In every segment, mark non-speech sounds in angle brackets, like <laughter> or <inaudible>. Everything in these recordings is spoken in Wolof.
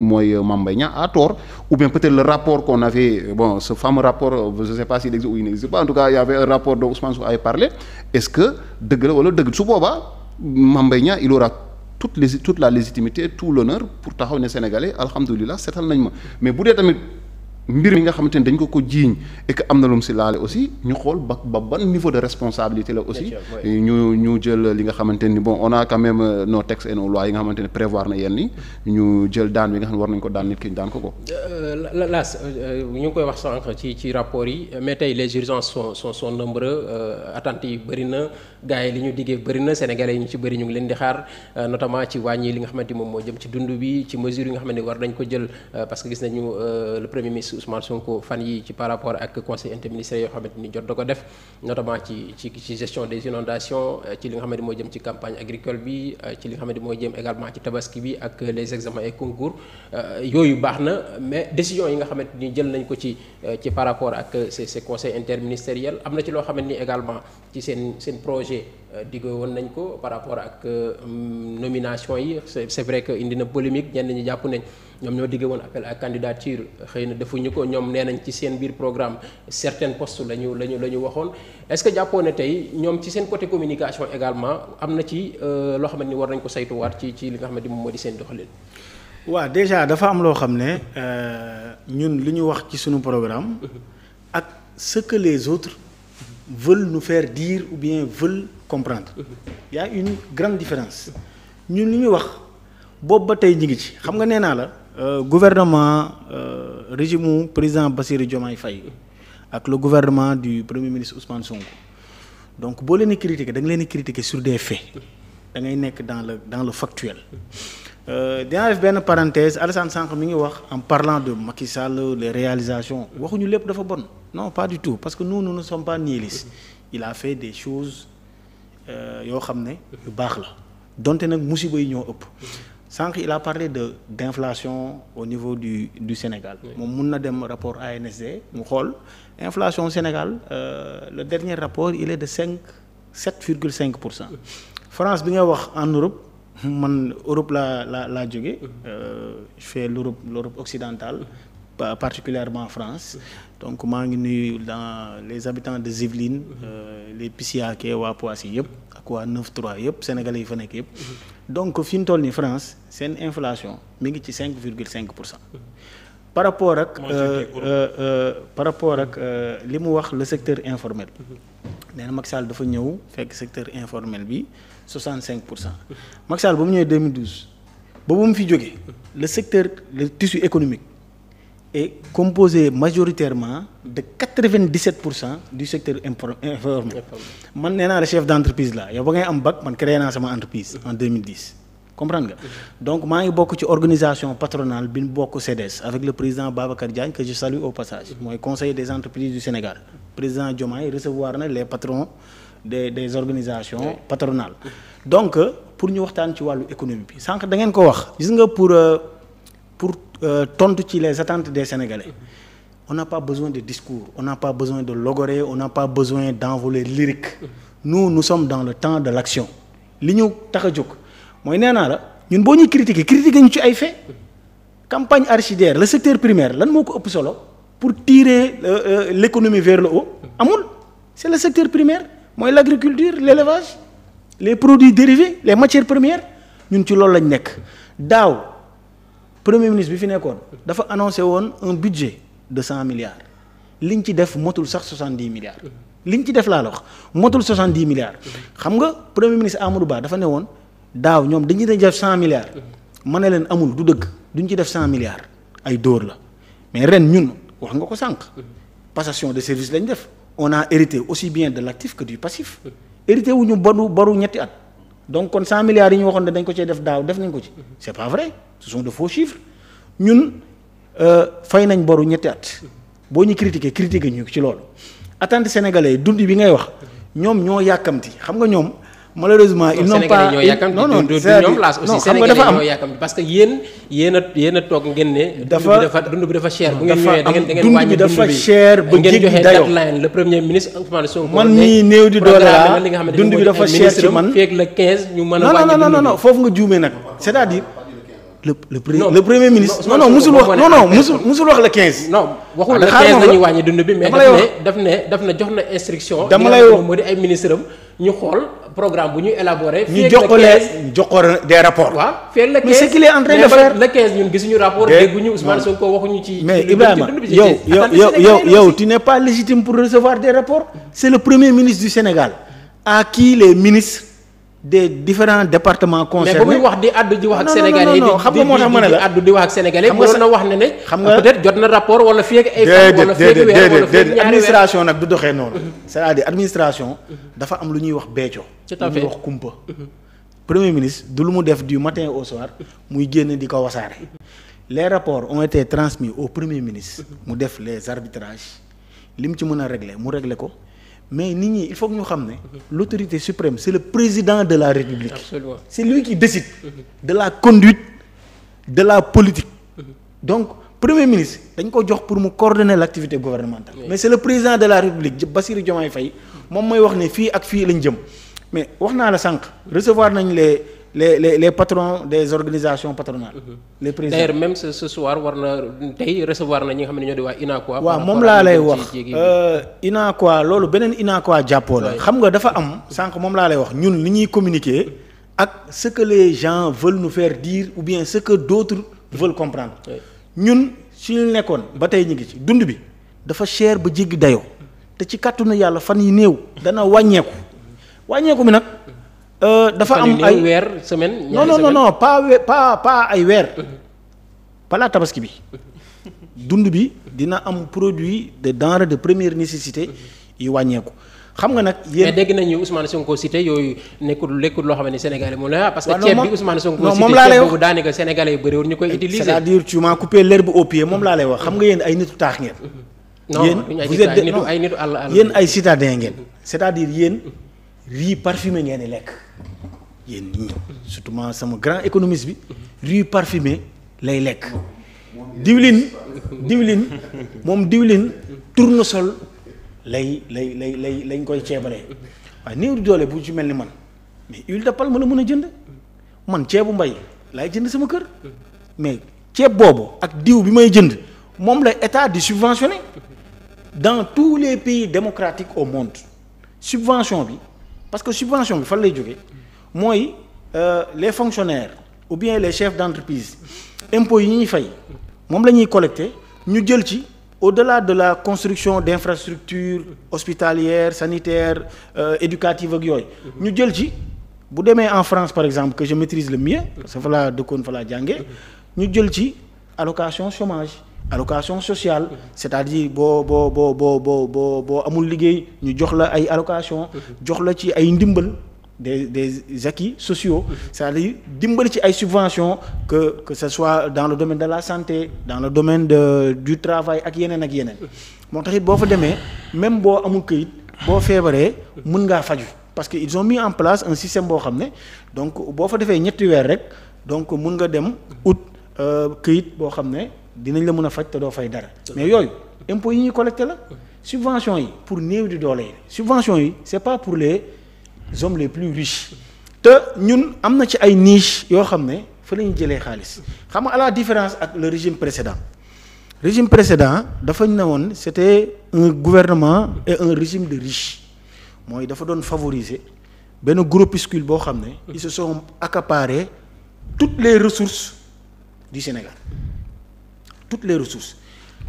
mooy euh, Mame a Niang à tort ou bien peut-être le rapport qu'on euh, bon ce fameux rapport euh, je sais pas s'il existe ou il pas en tout cas il y avait un rapport dont Ousmane Sonko avait parlé est-ce que dëgg la wala dëgg su booba Mame Mbaye Niang il aura toute les toute la légitimité tout l'honneur pour taxaw ne sénégalais alhamdulilah seetal nañ ma mais bu dee tamit mbir mi nga xamante ni dañ ko ko jiiñ et am na lum si laale aussi ñu xool ba ba ban niveau de responsabilité la aussi ñu jël li nga xamante ni bon on a quand même euh, nos textes et nos lois yi nga xamante ne prévoir na yenn yi ñu jël daan bi nga xam ne war nañ ko daan nit ki daan ko ko euh, laas euh, ñu ngi koy wax sànq ci ci rapport yi mais tey les urgences sont sont sont nombreux attentes yi bëri na gars yi li ñu diggee bëri na sénégalais yi ñu ci bëri ñu ngi leen di xaar notamment ci wàññi li nga xamante moom moo jëm ci dund bi ci mesure yi nga xamante war ko jël parce que gis le premier Ousmane Sonko fan yi ci par rapport ak conseil interministériel yoo xamante ni jot da ko def notamment ci ci ci gestion des inondations euh, ci li nga xamante moo jëm ci campagne euh, moo jëm ci tabaski bi ak les examens et concours euh, yooyu baax na mais décision yi nga xamante ni jël nañ ko ci par rapport ak ces ces conseils am na ci loo xamante ni également ci seen seen projet diggé woon nañ ko par rapport ak nomination yi c'est vrai que indi na polémique ñenn ñi jàpp nañ ñoom ñoo diggee woon appel à candidature xëy na defuñu ko ñoom nee nañ ci seen biir programme certains postes la ñu la ñu waxoon est-ce que jàppoo ne tey ñoom ci seen côté communication également am na ci euh, loo xamante ni war nañ ko saytuwaat ci ci li nga xamante ni moom moo di seen doxalin. waa déjà dafa am loo xam ne euh, ñun li ñu wax ci suñu programme. Mm-hmm. ak ce les autres veulent nous faire dire ou bien veulent comprendre. Mm-hmm. Il y une grande différence ñun li ñu wax boobu ba tey ñu ci xam nga nee naa la. Euh, gouvernement euh, régime mu président Bassirou Diomaye fay ak le gouvernement du premier ministre Ousmane Sonko donc boo leen di critiquer leen di critiquer sur des faits da ngay nekk dans le dans le factuel. Euh, dinaa def benn parenthèse Alassane Sànq mi ngi wax en parlant de Macky Sall les réalisation waxuñu lépp dafa bon non pas du tout parce que nous nous sompan sommes pas nihilistes il a fait des choses yoo xam ne yu baax la donte nag musiba yi ñoo ëpp. sànq il a parlé de d'inflation au niveau du du Sénégal. moom mun na dem rapport ANSD mu xool inflation Sénégal euh, le dernier rapport il est de cinq sept virgule cinq pour cent France bi nga wax en Europe man Europe laa la laa jóge mm-hmm. euh, je fais l'Europe l'Europe occidentale particulièrement France donc maa ngi nuy dans les habitants de Yvelines mhm. euh, les Pisiaké waa Poissy yëpp ak waa 93 yëpp sénégalais yi fa nekk yëpp mhm. donc fi ñu toll nii France seen inflation mi ngi ci 5 virgule 5 pour cent mhm. par rapport ak euh, euh, par rapport ak li mu wax le secteur informel nee na dafa ñëw fekk secteur informel bi 65 pour cent Macky ba mu ñëwee 2012 mu fi jógee le secteur le tissu économique est composé majoritairement de 97 pour cent du secteur informel man nee naa la chef d' entreprise la yow ba ngay am bac man créé naa sama entreprise en 2010 comprendre nga donc maa ngi bokk ci organisation patronale bi ñu bokk CDS avec le président Babacar Diagne que je salue au passage mooy conseil des entreprises du Sénégal président Diomaye recevoir na les patrons des organisations patronales donc pour ñu waxtaan ci wàllu économie bi sànq da ngeen ko wax gis pour euh, Euh, tontu ci les attentes des Sénégalais on n'a pas besoin de discours on n'a pas besoin de logoré on n'a pas besoin d'envolées lyriques nous nous sommes dans le temps de l'action li ñu tax a jóg mooy nee naa la ñun boo ñuy critiquer critiquer ñu ci ay fait campagne arachidière le secteur primaire lan moo ko ëpp solo pour tirer euh, euh, l'économie vers le haut amul c'est le secteur primaire mooy l'agriculture l'élevage les produits dérivés les matières premières ñun ci loolu lañ nekk daaw premier ministre bi fi nekkoon dafa annoncé woon un budget de cent milliards ñu ci def motul sax soixante dix milliards. ñu ci def laa la wax motul soixante dix milliards. xam nga premier ministre Amadou Ba dafa ne woon daaw ñoom dañuy def cent milliards. ma ne leen amul du dëgg du ñu ci def cent milliards ay dóor la mais ren ñun wax nga ko sànq. passation de service lañ def on a hérité aussi bien de l'actif que du passif. hérité wu ñu baru baru ñetti at donc kon cent milliards yi ñu waxoon ne dañ ko cee def daaw def nañ ko ci c'est ce sont de faux chiffres ñun euh, fay nañ boru ñetti at boo ñu critiquer critiquer ñu ci loolu attente sénégalais dund bi ngay wax ñoom ñoo yàkkamti xam nga ñoom malheureusement ils n'ont pas non non ñoom laas aussi sénégalais ñoo yàkkamti parce a yéen ne dafa dund bi dafa cher ba ngeen joxe man mii néew di doole dund bi dafa cher ci man feeg foofu nga juumee nag c'est-à-dire le le non, le premier ministre. non non musul wax non non musul musul wax le 15. non waxul ah, wàññi dund bi mais daf ne daf ne jox na instruction. dama lay wax moo di ay ministre am ñu xool programme bu ñu élaboré. ñu jox ko ñu jox ko des rapports. waaw fii le 15 mais ce qu'il est en train de faire le 15 ñun gisuñu rapport. dégguñu Ousmane Sonko waxuñu ci. Ibrahima yow yow yow yow tu n'es pas légitime pour recevoir des rapports. c'est le premier ministre du Sénégal à qui les ministres. de différents départements concernés. mais bu muy wax di àddu di wax ak. sénégalais yi xam nga moo tax ma ne la àddu di wax ak sénégalais. xam nga na ne xam nga jot na rapport wala fii ak ay. wala fii ak weer wala fii ak ñaari administration nag du doxee noonu. Mhm. c'est-à-dire administration. Mhm. dafa am lu ñuy wax beeco. lu wax kumpa. Mhm. premier ministre du lu mu def du matin au soir muy génn di ko wasaare. les rapports ont été transmis au premier ministre. mu def les arbitrages. li mu ci mën a régler mu régler ko. mais nit ñi il faut que ñu xam ne l' autorité suprême c' est président de la république Absolument. c' est lui décide de la conduite de la politique donc premier ministre dañ ko jox pour mu coordonner lactivité activité gouvernementale mais c' est le président de la république Bassirou Diomaye Faye moom mooy wax ne fii ak fii lañ jëm mais wax naa la sànq recevoir nañ les les les les patrons des organisations patronales. Mhm. les présidents d'ailleurs même ce ce soir war na tey recevoir na ñi xam ne ñoo di waa INACOI. waaw moom laa lay wax euh, INACOI loolu beneen INACOI jàppoo la. xam nga dafa am sànq moom laa lay wax ñun li ñuy communiquer ak ce que les gens veulent nous faire dire ou bien ce que d'autres veulent comprendre. ñun si ñu nekkoon ba tey ñu ngi ci dund bi dafa cher ba jéggi dayoo te ci kàttanu yàlla fan yi néew dana wàññeeku wàññeeku Euh, dafa am ay weer semaine. non non no pas we pas pas ay weer. balaa tabaski bi. dund bi dina am produit de denrée de première nécessité yu wàññeeku. xam nga nag yéen mais dégg nañu Ousmane Sonko cité loo xam ne Sénégalais moom la parce que ceeb moom laa lay wax daanaka Sénégalais yu bëri woon ñu koy utiliser c'est-à-dire tu m'as coupé l'herbe au pied moom laa lay ay nitu taax ngeen. yéen ay nitu ay ngeen cest a dire yéen riz parfumé ngeen di lekk yéen ñii surtout sama grand économiste bi riz parfumé lay lekk diwlin diwlin moom diwlin tournesol lay lay lay lay lañ koy ceebalee waaye néew di doole bu ci mel ni man mais huile de palme la mën a jënd man ceebu mbay laay jënd sama kër mais ceeb boobu ak diw bi may jënd moom la état di subventionné dans tous les pays démocratiques au monde subvention bi parce que subvention bi fan lay jógee mooy euh, les fonctionnaires ou bien les chef d' entreprise impôts yi ñuy fay moom la ñuy collecté ñu jël ci au-delà de la construction d' infrastructures hospitalières sanitaires euh, éducatives ak yooyu ñu jël ci bu demee en France par exemple que je maîtrise le mieux parce que fa laa dëkkoon fa laa ñu jël ci allocation chômage allocation sociale c'est-à-dire boo boo boo boo boo boo boo amul liggéey ñu jox la ay allocation jox la ci ay ndimbal des des acquis sociaux c'est-à-dire dimbali ci ay subventions que que ce soit dans le domaine de la santé dans le domaine de du travail ak yeneen ak yeneen moo tax it boo fa demee même boo amul këyit boo feebaree mun ngaa faju parce que ils ont mis en place un système boo xam ne donc boo fa defee ñetti weer rek donc mun nga dem ut euh, këyit boo xam ne dinañ la mën a faj te doo fay dara mais yooyu impôts yi ñuy collecté la subvention yi pour néew di doole yi subvention yi c'est pas pour les hommes les plus riches te ñun am na ci ay niche yoo xam ne fa la ñu jëlee xaalis xam nga à la différence ak le régime précédent le régime précédent dafa ne woon c'était un gouvernement et un régime de riches mooy dafa doon favoriser benn groupuscule boo xam ne ils se sont accaparés toutes les ressources du Sénégal toutes les ressources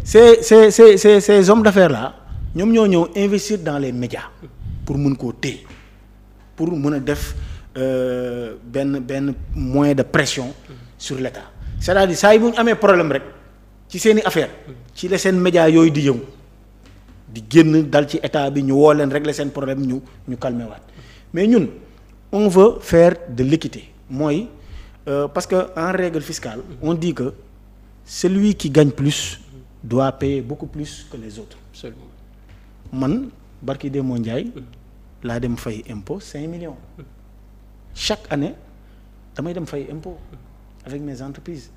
ces ces ces ces ces hommes d'affaires là ñoom ñoo ñëw investir dans les médias pour mun koo téye pour mun a def euh, benn benn moyen de pression sur l'État c'est-à-dire saa yi bu ñu amee problème rek ci seen i affaire ci la seen médias yooyu di yëngu di génn dal ci état bi ñu woo leen rek la seen problème ñu ñu calmer waat mais ñun on veut faire de l'équité mooy euh, parce que en règle fiscale on dit que celui qui gagne plus doit payer beaucoup plus que les autres. man barki Demba Ndiaye laa dem fay impôt 5 millions chaque année damay dem fay impôt avec mes entreprises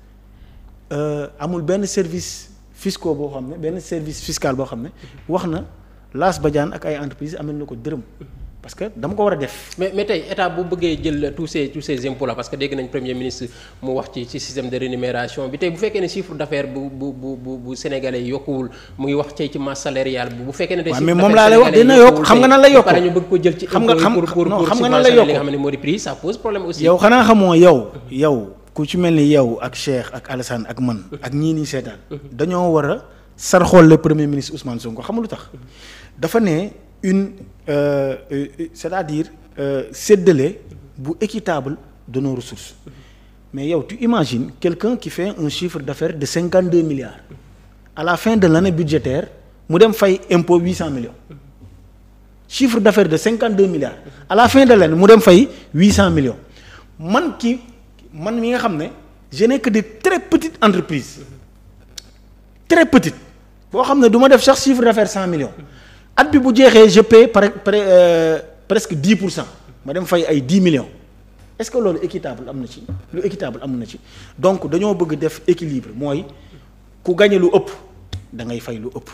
euh, amul benn service fiscaux boo xam ne benn service fiscal boo xam ne wax na Lass Badiane ak ay entreprises amel na ko dërëm. parce que dama ko war a def. mais mais tey état bu bëggee jël tous ces tous parce que dégg nañ premier ministre mu wax ci ci système de rémunération bi tey bu fekkee ne chiffre d'affaires bu bu bu yokkuwul mu ngi wax tey ci masse salariale bu bu fekkee ne. waaw mais moom laa lay yokk xam nga nan la yokk xam nga xam la yokk li nga xam ne moo di prix pose problème aussi. yow xanaa xamoo yow yow ku ci mel ni yow ak Cheikh ak Alassane ak man mm-hmm. ak ñii nii seetaan mm-hmm. dañoo war a sarxool le premier ministre une euh, euh, euh c'est-à-dire euh, séddale bu équitable de nos ressources mais yow tu imagines quelqu'un qui fait un chiffre d'affaires de cinquante deux milliards à la fin de l'année budgétaire mu dem fay impôt huit cent millions chiffre d'affaires de cinquante deux milliards à la fin de l'année mu dem fay huit cent millions man ki man mi nga xam ne je n'ai que des très petites entreprises très petites boo xam ne du ma def sax chiffre d'affaires cent millions at bi bu jeexee je paie pare euh, presque dix pour cent ma dem fay ay dix millions est-ce que loolu équitable am na ci lu équitable am na ci donc dañoo bëgg def équilibre mooy ku gañe lu ëpp da ngay fay lu ëpp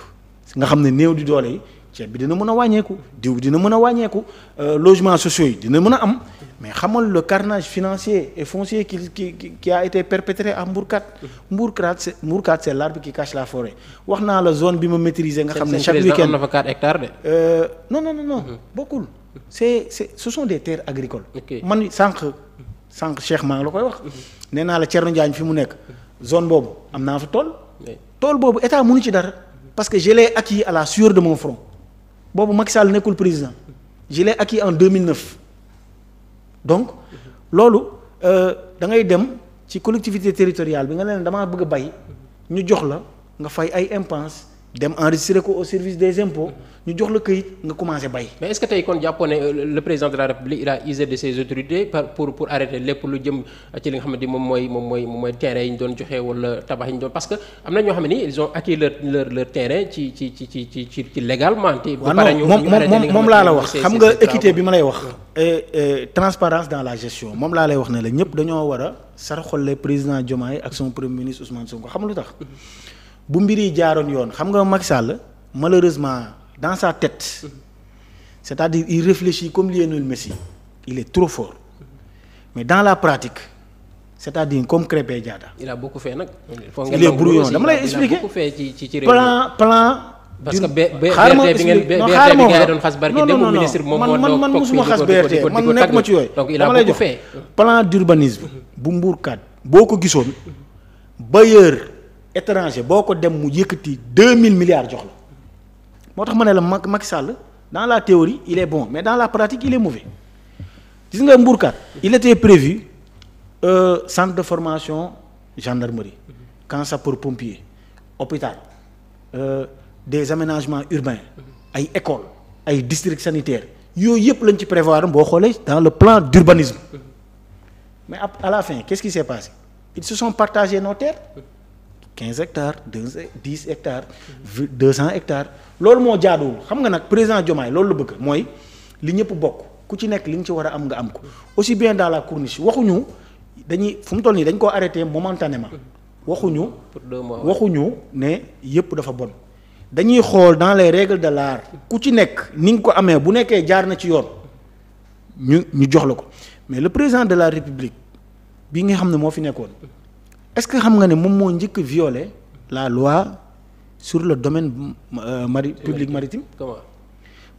nga xam ne néew di doole yi ceeb bi dina mën a wàññeeku diw bi dina mën a wàññeeku euh, logement sociaux yi dina mën a am mais xamal le carnage financier et foncier qui qui qui a été perpétré à Mbourkat. Mbourkat c' est Mbourkat c' est l' arbre qui cache la forêt wax naa la zone bi ma maîtriser nga xam ne chaque week-end am na fa 4 hectares de. Euh, non mm-hmm. bokkul c' est c' ce sont des terres agricoles. man sànq sànq Cheikh maa ngi la koy wax. Mm-hmm. nee naa la Thierno Diagne fi mu nekk zone boobu am naa fa tool. tool boobu état mënu ci dara parce que je l'ai acquis à la de mon front. boobu Macky Sall nekkul président je l'ai acquis en 2009 donc loolu euh, da ngay dem ci collectivité territoriale bi nga leen damaa bëgg a bay ñu jox la nga fay ay impenses dem enregistrer ko au service des impôts ñu jox la këyit nga commencé bay. mais est-ce que tey kon jàppoon ne euh, le président de la république il a usé de ses autorités pour arrêter lépp lu jëm ci li nga xamante ni moom mooy moom mooy moom mooy terrain yi ñu doon joxe wala tabax yi ñu doon ñoo xam ne nii ils ont acquis ci ci ci ci ci légalement. te ba pare ñu ñu moom laa la wax xam nga équité bi ma lay wax. transparence dans la gestion moom laa lay wax ne la ñëpp dañoo war a saraxolle président Diomaye ak son premier ministre Ousmane Sonko xam lu tax. bu mbir yi jaaroon yoon xam nga Macky Sall malheureusement dans sa tête c'est-à-dire il réfléchit comme Lionel Messi il est trop fort mais dans la pratique c'est-à-dire comme Krépin Diatta. il a beaucoup fait nag. il est brouillon dama lay expliquer ci ci ci plan plan. parce que BRT bi ngeen BRT bi ngeen doon man man musuma xas BRT man nekk ma ci yooyu. donc il a beaucoup fait plan d'urbanisme bu Mbour 4 boo ko gisoon bailleur. étranger boo ko dem mu yëkkati deux mille milliards jox la moo tax ma ne la Macky Sall dans la théorie il est bon mais dans la pratique il est mauvais gis nga Mbourkat il était prévu euh, centre de formation gendarmerie camp pour pompier hôpital euh, des aménagements urbains ay écoles ay districts sanitaires yooyu yëpp lañ ci prévoir boo xoolee dans le plan d'urbanisme mais à la fin qu'est-ce qui s'est passé ils se sont partagés nos terres quinze hectares deux dix hectares deux cent hectares loolu moo jaaduwul xam nga nag président Diomaye loolu la bëgg mooy li ñëpp bokk ku ci nekk li nga ci war a am nga am ko aussi bien dans la corniche waxuñu dañuy fu mu toll nii dañ koo arrêté momentanément waxuñu waxuñu ne yëpp dafa bon dañuy xool dans les règles de l'art ku ci nekk ni nga ko amee bu nekkee jaar na ci yoon ñu ñu jox la ko mais le président de la république bi nga xam ne moo fi nekkoon est-ce que xam nga ne moom moo njëkk violer la loi sur le domaine euh, mari public maritime Comment?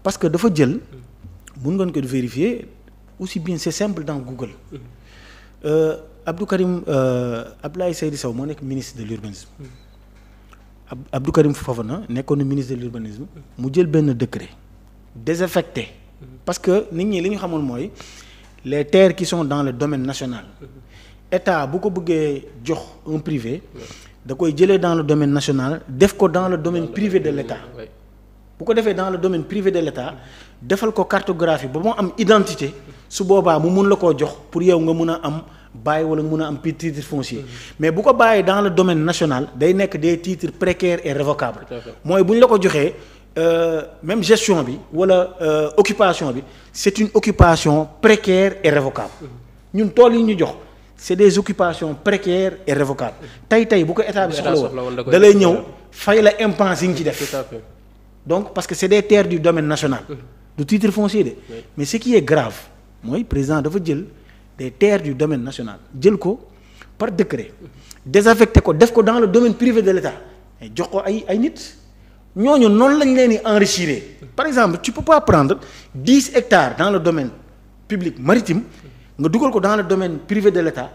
parce que dafa jël mun ngeen ko vérifier aussi bien c'est simple dans Google mm-hmm. euh, Abdou Karim euh, Abdoulaye moo nekk ministre de l'urbanisme mm-hmm. ab Abdou Karim Fofana nekkoon na ministre de l'urbanisme mm-hmm. mu jël benn décret désaffecté parce que nit ñi li ñu xamul mooy les terres qui sont dans le domaine national état bu ko bëggee jox un privé da koy jëlee dans le domaine national def ko dans le domaine privé de l'état bu ko defee dans le domaine privé de l'état defal ko cartographie ba mu am identité su boobaa mu mun la koo jox pour yow nga mun a am bàyyi wala mun a am titre foncier mais bu ko bàyyee dans le domaine national day nekk des titre précaires et révocables mooy bu ñu la ko joxee Euh, même gestion bi wala euh, occupation bi c'est une occupation précaire et révocable ñun tool yi ñu jox c'est des occupations précaires et révocables tey tey bu ko état bi soxla woon da lay ñëw fay la impense yi nga ci def donc parce que c'est des terres du domaine national mm. du titre foncier de mais ce qui est grave mooy président dafa jël des terres du domaine national jël ko par décret désaffecté ko def ko dans le domaine privé de l'État jox ko ay ay nit ñooñu noonu lañ leen di enrichir par exemple tu peux pas prendre dix hectares dans le domaine public maritime nga dugal ko dans le domaine privé de l'État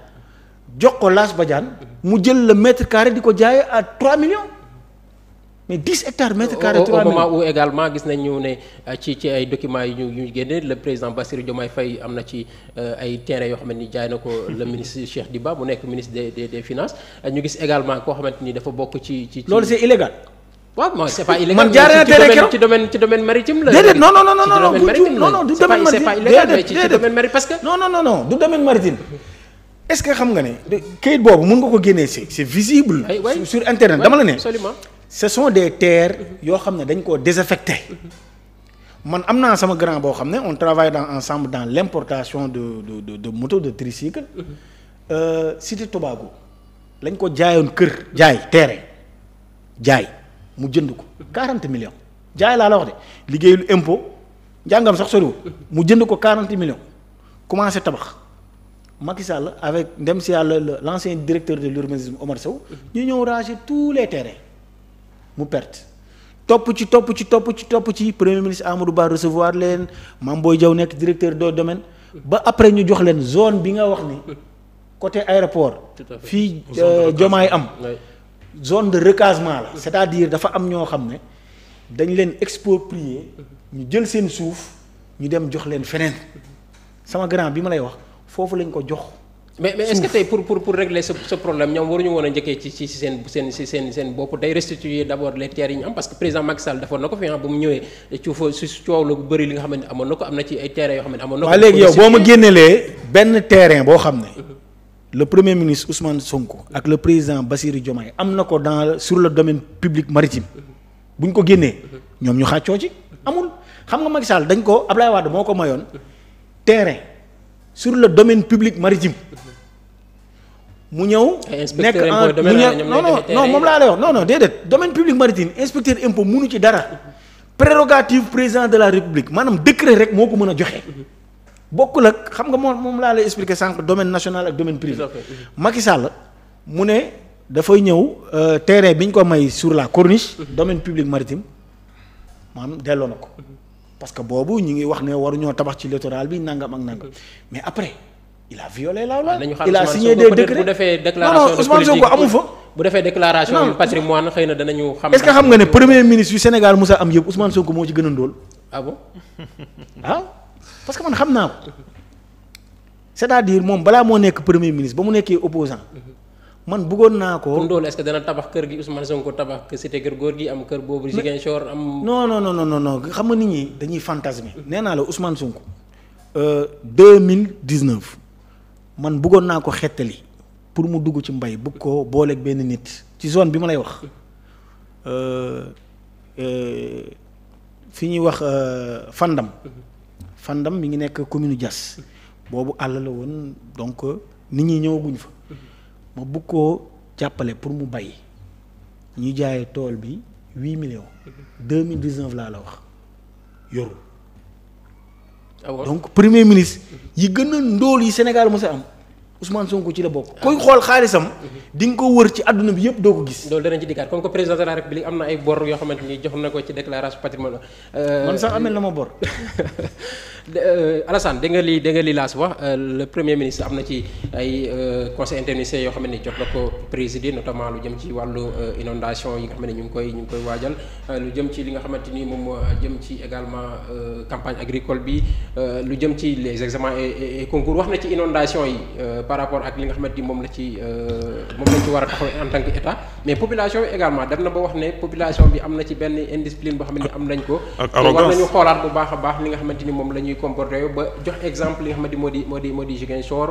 jox ko Lass Badiane mu jël le mètre carré di ko jaay à 3 millions mais 10 hectares mètre carré. 3 millions gis nañ ñu ne euh, ci ci ay documents yu ñu ñu génne le président Bassirou Diomaye Faye am na ci euh, ay tere yoo xamante ni jaay na ko le ministre Cheikh Diba mu nekk ministre des des des finances ñu gis également koo xamante ni dafa bokk ci ci. loolu c'est illégal. waaw mooy c'est pas <laughs> illégal. man jaaree na tere keroog ci domaine ci domaine maritime la. déedéet non non non non non du non non du domaine maritime c'est pas illégal mais ci domaine maritime parce que. non non non non du domaine maritime. est-ce que xam nga ne kayit boobu mën nga ko génnee c'est c'est visible. sur internet dama la ne. ce sont des terres yoo xam ne dañ koo désaffecté man am naa sama grand boo xam ne on travaille dans ensemble dans l'importation de de de de moto de tricycle. Mm-hmm. Euh, cité Tobago lañ ko jaayoon kër jaay terrain jaay. mu jënd ko 40 millions jaay laa la wax de liggéeyul impôt njàngam sax soriwul mu jënd ko quarante million commencé tabax Macky Sall avec ndem si yàlla l' ancien directeur de l'urbanisme Omar Sow ñu ñëw ranger tous les terrains mu perte. topp ci topp ci topp ci topp ci premier ministre Amadou Ba recevoir leen Mame Boye Diaw nekk directeur de domaine ba après ñu jox leen zone bi nga wax ni côté aéroport fii jomaay euh, am zone de recasement la c'est-à-dire dafa am ñoo xam ne dañ leen exproprier ñu jël seen suuf ñu dem jox leen feneen sama grand bi ma lay wax foofu lañ ko jox mais mais est-ce pour pour régler ce problème ñoom waruñu woon a njëkkee ci ci seen seen seen seen bopp day restituer d'abord les terres yi ñu am parce que président Macky Sall defoon na ko fi ah, ba mu ñëwee coow lu bëri li nga xamante amoon na ko am na ci ay terrains yoo xam ne amoon na ko. waaw léegi yow boo terrain boo xam ne. Mm-hmm. le premier ministre Ousmane Sonko ak le président Bassirou Diomaye am na ko dans sur le domaine public maritime bu ñu ko génnee ñoom ñu xàccoo ci amul xam nga Macky Sall dañ ko Ablaye Wade moo ko mayoon terrain sur le domaine public maritime mu ñëw. nekk en mu ñëw non non non moom laa lay wax non déedéet domaine public maritime inspecteur impôt mënu ci dara prérogative président de la république maanaam décret rek moo ko mën a joxe. bokk ak xam nga moom moom laa lay expliquer sànq domaine national ak domaine privé. Mhm. Macky Sall mu ne dafay ñëw euh, terrain bi ñu ko may sur la corniche. Mhm. domaine public maritime maanaam delloo na ko. Mhm. parce que boobu ñu ngi wax ne waruñoo tabax ci littoral bi nangam ak nangam mais après il a violé la loi. il a signé des décrets bu defee déclaration de politique non non Ousmane Sonko amu fa. bu defee déclaration patrimoine xëy na dana danañu xam. est-ce xam nga ne premier ministre yu Sénégal Moussa am yëpp Ousmane moo ci gën a ndóol. ah, ah? parce que man xam naa ko c'est-à-dire moom balaa moo nekk premier ministre ba mu nekkee opposant man bëggoon naa ko. kon est-ce que dana tabax kër gi Ousmane Sonko tabax cité kër góor gi am kër boobu. Ziguinchor am. non non no non non xam na nit ñi dañuy fantasmer. nee naa la Ousmane Sonko. Euh, mille dix-neuf man bëggoon naa ko xettali pour mu dugg ci mbay bëgg ko booleek benn nit ci zone bi ma lay wax euh, euh, fi ñuy wax Fandam. Fandam mi ngi nekk commune Diass boobu àll woon donc euh, nit ñi ñëwaguñ fa ma bëgg koo jàppale pour mu bay ñu jaayee tool bi huit millions deux mille dix neuf laa la wax yorul. Ah donc premier ministre yi gën a ndóol yi Sénégal mos a am. Ousmane Sonko ci la bokk. Ah. koy xool xaalisam. di nga ko wër ci àdduna bi yëpp doo ko gis. loolu danañ ci dikkaat comme que président de la république am na ay bor yoo xamante ni jox na ko ci déclaration patrimoine. Euh, man sax amel na ma bor. <laughs> Euh, Alassane da nga lii da nga lii laas wax euh, le premier ministre am na ci ay conseil interministériel yoo xam ne jot na ko présider notamment lu jëm ci wàllu inondation yi nga xam ne ñu ngi koy ñu ngi koy waajal lu jëm ci li nga xamante ni moom moo jëm ci également campagne agricole bi lu jëm ci les examens et wax na ci inondation yi. par rapport ak li nga xamante ni moom la ci euh, moom lañ ci war a taxaw en tant que état mais population bi également dem na ba wax ne population bi am na ci benn indiscipline boo xam ne am nañ ko war nañu xoolaat bu baax a baax li nga xamante ni moom la ñuy comporté ba jox exemple li nga xamante di moo di moo di moo di Ziguinchor